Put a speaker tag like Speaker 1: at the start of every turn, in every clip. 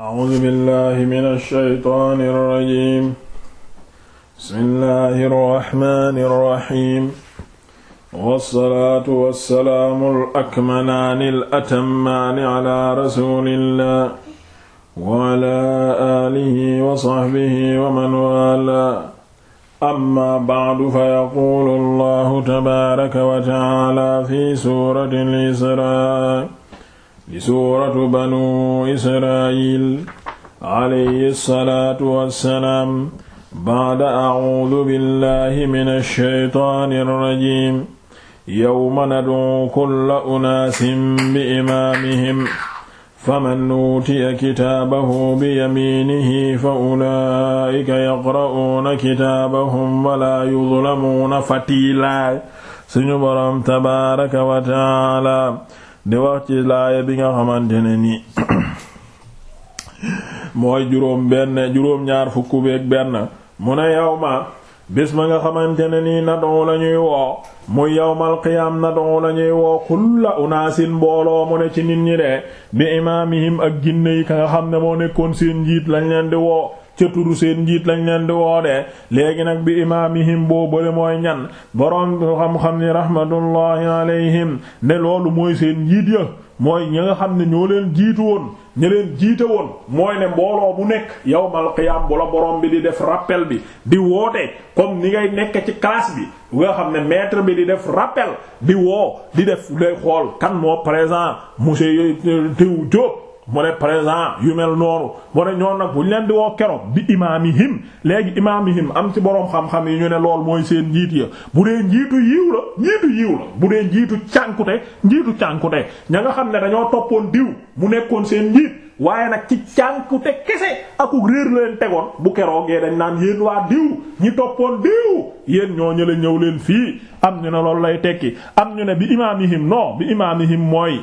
Speaker 1: أعوذ بالله من الشيطان الرجيم بسم الله الرحمن الرحيم والصلاة والسلام الأكملان الأتمان على رسول الله وعلى آله وصحبه ومن والاه أما بعد فيقول الله تبارك وتعالى في سورة الإسراء di suuratu banu israil alayhi salaatu wassalaam baada acuudu billahi min alsheytaani alrajim yowma nadcu kulla unaasin biimaamihim faman uutiya kitaabahu biyamiinihi fa ulaa'ika yaqra'uuna kitaabahum walaa yudlamuuna fatiilaa suñu boroom tabaaraka wa taala di wax ci laaya bi nga xamante ne ni mooy juróom benn juróom ñaar fukk beeg benn mu ne yawma bis ma nga xamante ne nii nad'u la woo muy yawmal qiyaam nad'u lañuy ñuy woo kulla unaasin mbooloo mu ne ci nit ñi de bi imaamihim ak ginne yi ka nga xam ne moo nekkoon seen njiit lañ leen di woo ca turu seen njiit lañ leen di woodee léegi nag bi imaamihim boo bële mooy ñan boroom xam-xam ni rahmatullahi alayhim
Speaker 2: ne loolu mooy seen njiit ya mooy ñi nga xam ne ñoo leen jiitu woon ña leen jiite woon mooy ne mbooloo bu nekk yow qiyaam bu la boroom bi di def rappel bi di woote comme ni ngay nekk ci classe bi bu xam ne maître bi di def rappel bi woo di def lay xool kan moo présent monsieur Diop. mu ne présent yu mel noonu mu ne ñoon nag bu ñu leen di woo keroog bi imaamihim léegi imaamihim am ci boroom xam-xam yi ñu ne lool mooy seen njiit ya bu dee njiitu yiw la njiitu yiw la bu dee njiitu cànkute njiitu cànkute ña nga xam ne dañoo toppoon diw mu nekkoon seen njiit waaye nag ci cànkute kese aku réer la leen tegoon bu keroogee dañ naan yéen waa diw ñi toppoon diw yéen ñoo ñële ñëw leen fii am ñu ne loolu lay tekki am ñu ne bi imaamihim non bi imaamihim mooy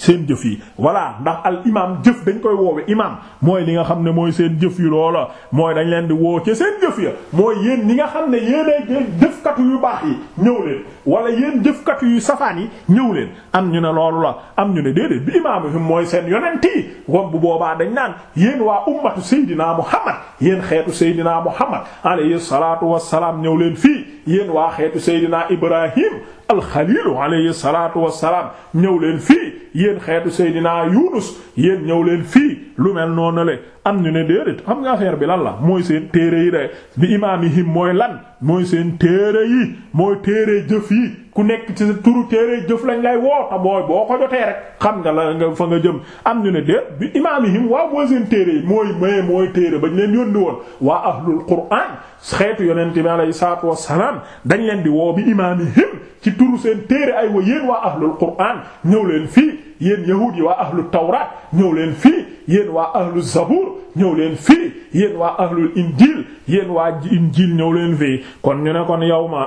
Speaker 2: seen jëf yi voilà ndax al imaam jëf dañ koy woowe imaam mooy li nga xam ne mooy seen jëf yi loola mooy dañ leen di woo ci seen jëf ya mooy yéen ñi nga xam ne yéenay jëfkatu yu baax yi ñëw leen wala yéen jëfkatu yu safaan yi ñëw leen am ñu ne loolu la am ñu ne déedéet bi imaam yi mooy seen yonent yi wom bu boobaa dañ naan yéen waa ummatu seydinaa muhammad yéen xeetu seydinaa muhammad alayhi salaatu wassalaam ñëw leen fii yéen waa xeetu seydinaa ibrahim alxalilu alayhi salaatu wassalaam ñëw leen fii yéen xeetu Seydina Yunus yéen ñëw leen fii lu mel noonu le am ñu ne déedéet xam nga affaire bi lan la mooy seen téere yi de bi imaamihim mooy lan mooy seen téere yi mooy téere jëf yi ku nekk ci sa turu téere jëf lañ lay woo ta boo ko jotee rek xam nga la nga fa nga jëm am ñu ne déet bi imaamihim waaw mooy seen téere yi mooy maye mooy téere bañ leen yónni woon waa ahlul quraan xeetu yonent bi alayhi salaatu wassalaam dañ leen di woo bi imaamihim ci turu seen téere ay wa yéen waa ahlul quraan ñëw leen fii yéen yahuud yi waa ahlul tawraat ñëw leen fii yéen waa ahlu zabur ñëw leen fii yéen waa ahlul injil yéen waa injil ñëw leen fii kon ñu ne kon yow ma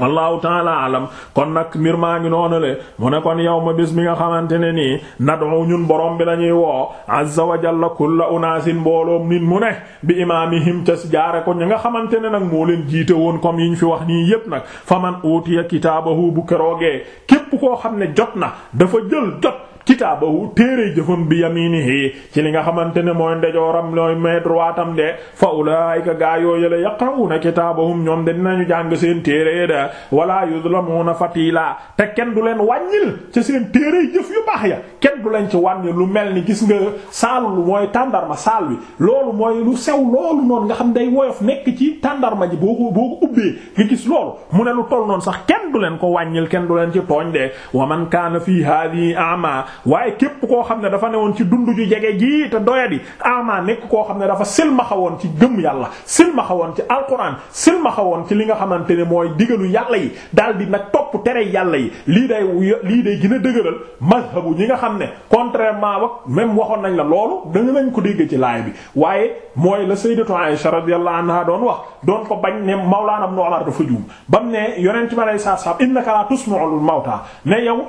Speaker 2: wallahu taala alam kon nag mbir maa ngi noonu le mu ne kon yow ma bis mi nga xamante ne nii nadu ñun borom bi la ñuy woo azza wa jalla kulla unaasin mbooloom nit mu ne bi imaamihim ca jaare ko ñi nga xamante ne nag moo leen jiite woon comme yi ñu fi wax nii yépp nag faman utiya kitaabahu bu keroogee képp koo xam ne jot na dafa jël jot kitaabahu téere jëfam bi yaminihi ci li nga xamante ne mooy ndejooram looy may droitam de fa ulaayika gaa yooyu la yaqrawuna kitaabahum ñoom de dinañu jàng seen téere da wala yuzlamuna fatila te kenn du leen wàññil ci seen téere jëf yu baax ya kenn ci wàññil lu mel ni gis nga saalul mooy tàndarma saal wi loolu mooy lu sew loolu noonu nga xam day woyof nekk ci tàndarma ji boo ko ubbee nga gis loolu mu ne lu toll noonu sax kenn du leen ko wàññil kenn du leen ci tooñ de wa man kaana fii haadihi a'ma waaye képp koo xam ne dafa ne woon ci dund ju jege ji te doyadi ama nekk koo xam ne dafa silmaxa woon ci gëm yàlla silmaxa woon ci alquran silmaxa woon ci li nga xamante ne mooy digalu yàlla yi daal di nag topp tere yàlla yi lii day lii day gën a dëgëral mazhabu ñi nga xam ne contrairement wak même waxoon nañ la loolu danga nañ ko dégg ci laay bi waaye mooy la sayyidatu Aisha radiyallahu anha doon wax doon ko bañ ne Mawlana Ibn Umar dafa juum bam ne yonent bi alayhi salaam innaka la tusma'ul mawta ne yow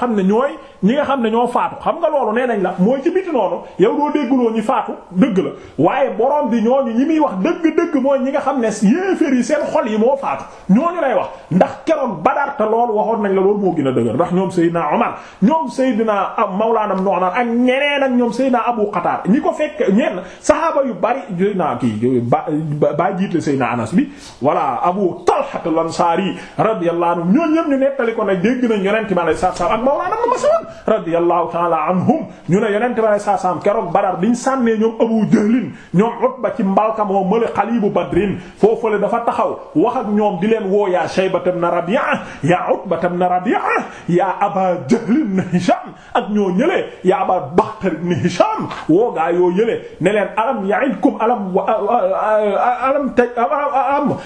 Speaker 2: xam ne ñooy ñi nga xam ne ñoo faatu xam nga loolu nee nañ la mooy ci biti noonu yow doo déggloo ñu faatu dëgg la waaye borom bi ñooñu ñi muy wax dëgg-dëgg mooy ñi nga xam ne yéeféer yi seen xol yi moo faatu ñooñu lay wax ndax keroog Badar te loolu waxoon nañ la loolu moo gën a dëgër ndax ñoom Seydina Omar ñoom Seydina Mawlana Omar ak ñeneen ak ñoom Seydina Abu Qatar ñi ko fekk ñenn saxaaba yu bari Seydina kii ba ba jiitle Seydina Anas bi voilà Abu Talha al-Ansari radiyallahu anhu ñooñu ñëpp ñu nettali ko ne dégg nañ yonent bi sallallahu alayhi wasallam Mawlana ibn Mas'ud radiyallahu ta'ala anhum ñu ne yonente bi saa saam keroog Badar biñ sànnee ñoom Abu Jahlin ñoom Utba ci mbalka moo mële xalibu Badrin foofale dafa taxaw wax ak ñoom di leen woo yaa Shayba ibn Rabi'a yaa Utba ibn Rabi'a yaa Aba Jahl ibn Hisham ak ñoo ñëlee yaa Aba Bakhtar ibn Hisham woo gaa yoo yëlee ne leen alam ya'idkum alam alam ta am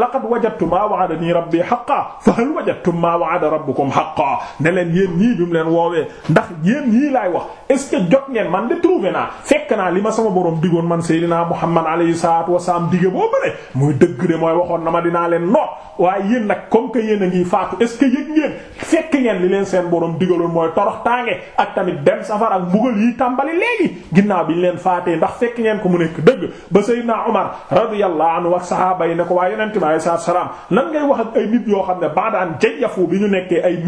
Speaker 2: laqad wajadtum ma wa'adani rabbi haqqan fa hal wajadtum ma wa'ada rabbukum haqqan yéen ñii bi mu leen woowee ndax yéen ñii laay wax est ce jot ngeen man de trouvé naa fekk naa li ma sama borom digoon man Seydina Muhammad alayhi salaatu wasalaam dige boo bëre muy dëgg de mooy waxoon na ma dinaa leen noot waaye yéen nag comme que yéen a ngi faatu est ce que yëg ngeen fekk ngeen li leen seen borom digaloon mooy torox ak tamit dem safar ak mbugal yi tàmbali léegi ginnaaw bi ñu leen faatee ndax fekk ngeen ko mu nekk dëgg ba Seydina Umar radiyallahu anhu ak sahaaba yi ne ko waaye yonente bi alayhi salaam lan ngay wax ak yoo xam ne baadaan jayyafu bi ñu nekkee ay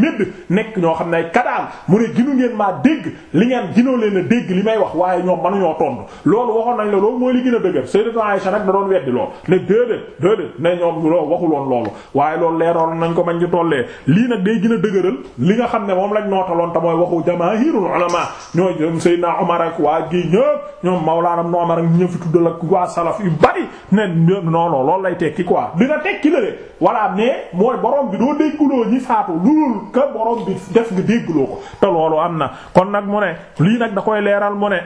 Speaker 2: nekk xam ne ay kadaal mu ne ginu ngeen maa dégg li ngeen ginoo leen a dégg li may wax waaye ñoom mënuñoo tontu loolu waxoon nañ la loolu mooy li gën a dëgër Sayyidatu Aisha nag da doon weddi lool ne déedéet déedéet ne ñoom loolu waxuloon loolu waaye loolu leeroon nañ ko mañ ci tollee lii a dëgëral yu bari ne non non loolu lay tekki quoi dina tekki la de voilà mais mooy borom bi doo déggloo ñi faatu loolu ka borom bi def def nga déggloo ko te am na kon nag mu lii nag da koy leeral mu ne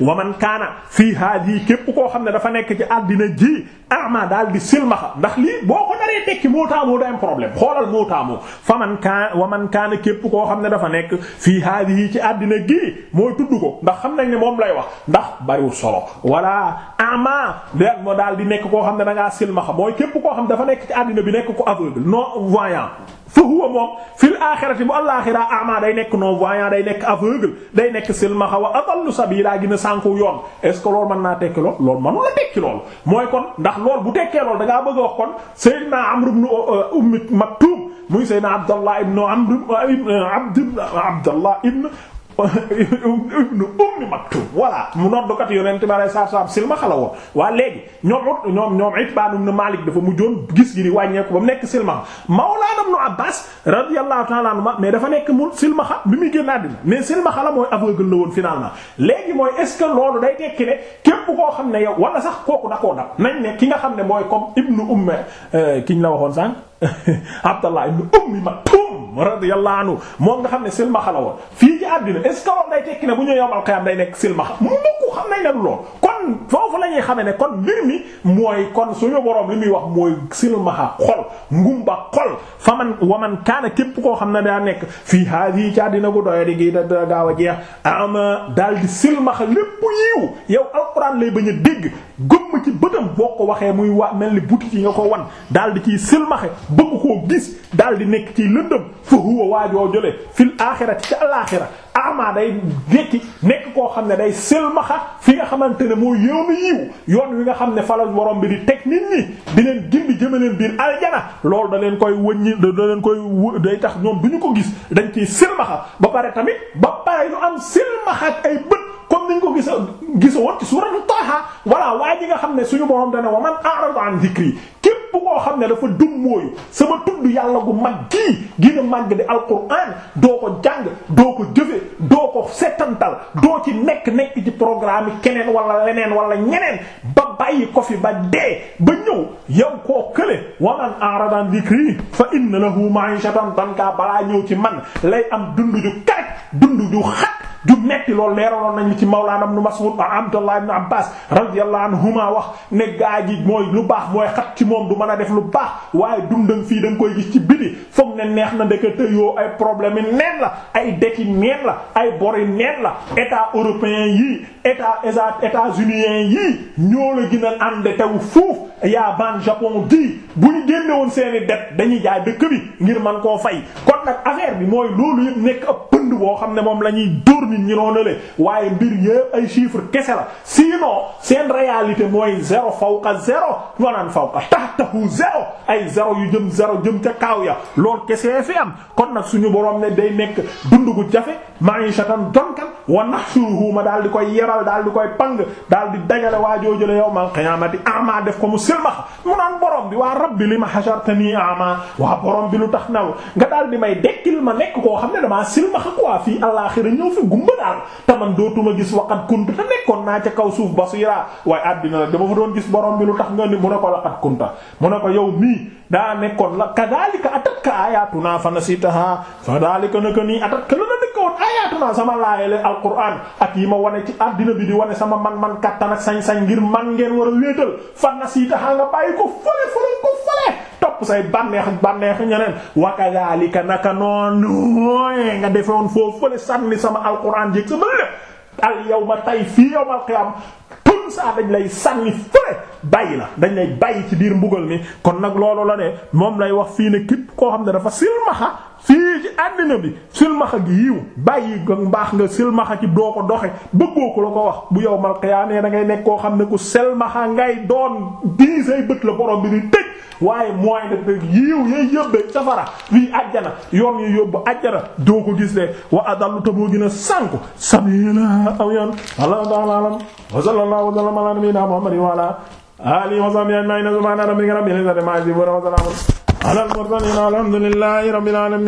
Speaker 2: man kaana fii haadihi képp koo xam ne dafa nekk ci àddina ji ama daal di silmaxa ndax lii ko tekki moo taamoo da am problème xoolal moo taamoo fa man képp koo xam ne dafa nekk fii haadihi ci àddina gii mooy tudd ko ndax xam nañ ne moom lay wax ndax bariwul solo wala ama da moo daal di nekk koo xam ne da ngaa silmaxa mooy képp koo xam ne dafa nekk ci àddina bi nekk ko aveugle non voyant fa huwa moom fil aaxirati bu alaaxiraa ama day nekk non voyant day nekk aveugle day nekk silmaxa wa adallu sabiila gën a sànku yoon est ce que loolu mën naa tekki lool loolu mënu la tekki lool. mooy kon ndax lool bu tekkee lool da ngaa bëgg a kon Seydina Amr ibn uh, uh, Ummi Maktum muy Seydina Abdallah ibn uh, Abdallah ibn ibn Ummi voilà mu noddukat yonent bi alayhi salaatu salaam silmaxa la woon waa léegi ñoom ut ñoom ñoom Itbaan ibn Maalik dafa mujjoon gis gi di wàññeeku ba mu nekk silmaxa Mawlaana Ibn Abbaas radiyallahu ta'ala anhuma mais dafa nekk mu silmaxa bi muy génn àddina mais silmaxa la mooy aveugle la woon finalement léegi mooy est-ce que loolu day tekki ne képp koo xam ne yow wala sax kooku dakoo dab nañ ne ki nga xam ne mooy comme ibnu umme euh, kiñ la waxoon sànq Abdallah ibnu Ummi Maktum radiyallahu anhu moom nga xam ne silmaxa la woon fii ci àddina est ce que loolu tekki ne bu ñëw yowmal qiyaam day nekk silmaxa mu mbokku xam nañ ne du lool kon foofu la ñuy ne kon mbir mi mooy kon suñu borom li muy wax mooy silmaxa xol ngumba xol fa man waman kaana képp koo xam ne daa nekk fii haadi ci àddina bu doye di gi da gaaw a jeex ama daal di silmaxa lépp yiw yow alquran lay bañ dégg ci bëtam boo ko waxee muy wa mel ni butit yi nga ko wan daal di ciy silmaxa bëgg koo gis daal di nekk ciy lëndëm fa huwa waajoo jëlee fil axirati ci alaaxira amaa day dekki nekk koo xam ne day silmaxa fi nga xamante ne mooy yoonu yiw yoon wi nga xam ne falal la bi di teg nit ñi di leen gindi jëmaleen biir aljana loolu da leen koy wëññi da leen koy day tax ñoom bu ñu ko gis dañ ciy silmaxa ba pare tamit ba pare ñu am silmaxa ak ay bët comme niñ ko gisoo gisa woon ci suuratu Taaha waaye ji nga xam ne suñu borom dana wa man a'rada an dhikri képp koo xam ne dafa dum mooyu sama tudd yàlla gu mag gii gën a màgg al alquran doo ko jàng doo ko jëfe doo ko settantal doo ci nekk nekk ci programme yi keneen wala leneen wala ñeneen ba bàyyi ko fi ba dee ba ñëw yow koo kële wa man a'rada an dhikri fa inna lahu ma'ishatan danka balaa ñëw ci man lay am dund ju karak dund ju xat ju metti loolu leeraloon nañ ci mawlaana ibn Mas'ud Abdullah ibn a def lu baax da nga koy gis ci biti foog ne neex na la ay la ay bori neen la état européen yii état états-uniens yii ñoo la gën a ànd tew foofu bu ñu génne woon seeni det dañuy jaay dëkk bi ngir man koo fay kon nag affaire bi mooy loolu yëpp nekk ab pënd boo xam ne moom la ñuy dóor nit ñi le waaye mbir yépp ay chiffres kese la sinon seen réalité mooy zéro fawqa zéro wanaan fawqa tahtahu zéro ay zéro yu jëm zéro jëm ca kaaw ya lool kese fi am kon nag suñu borom ne day nekk dund gu jafe ma'ishatan donkan wa nahshuruhu ma daal di koy yeral daal di koy pang daal di dajale waa joojule yawmal qiyaamati ama def ko mu silmax mu naan borom bi waa rabbi li ma hashartani ama waa borom bi lu tax naw nga daal di may dekkil ma nekk xam ne damaa ma daal taman dootuma gis waqat kuntu te nekkoon naa ca kaw suuf basira waaye àddina la dama fa doon gis borom bi lu tax nga ni mu ne ko laqat kunta mu ne ko yow mii daa nekkoon la kadhalika atatka ayatuna fanasitaha fadhalika naka nii atatka la nekkoon ayatuna sama laayale alquran ak yi ma wane ci àddina bi di wane sama man-man kattan sañ-sañ ngir man ngeen war a wéetal fanasitaha nga bàyyi ko fële fële ko topp say bànneex bànneex ñeneen wa kadhalika naka noonu nga defewoon foofu fële sànni sama alquran jéeg sama lépp al ma tay fii yawmal qiyam saa dañ lay sànni fële bàyyi la dañ lay bàyyi ci biir mbugal mi kon nag loolu la ne moom lay wax fii ne képp koo xam ne dafa silmaxa fii ci àddina bi silmaxa gi yiw bàyyi nga baax nga silmaxa ci doo ko doxe bëggoo ko la ko wax bu yow mal qiyaamee da ngay nekk koo xam ne ku silmaxa ngay doon dii say bët la boroom bi di tëj waaye mooy na yiw yay yóbbee safara fii àjjana yoon yi yóbbu àjjana doo ko gis de wa adallu ta boo gën a sànku sabila
Speaker 1: aw yoon wallahu ta'ala alam wa sallallahu wa sallama ala nabiyyina muhammadin wa ala alihi wa sahbihi ajma'in subhana rabbika rabbil izzati amma yasifun wa salamun
Speaker 2: ala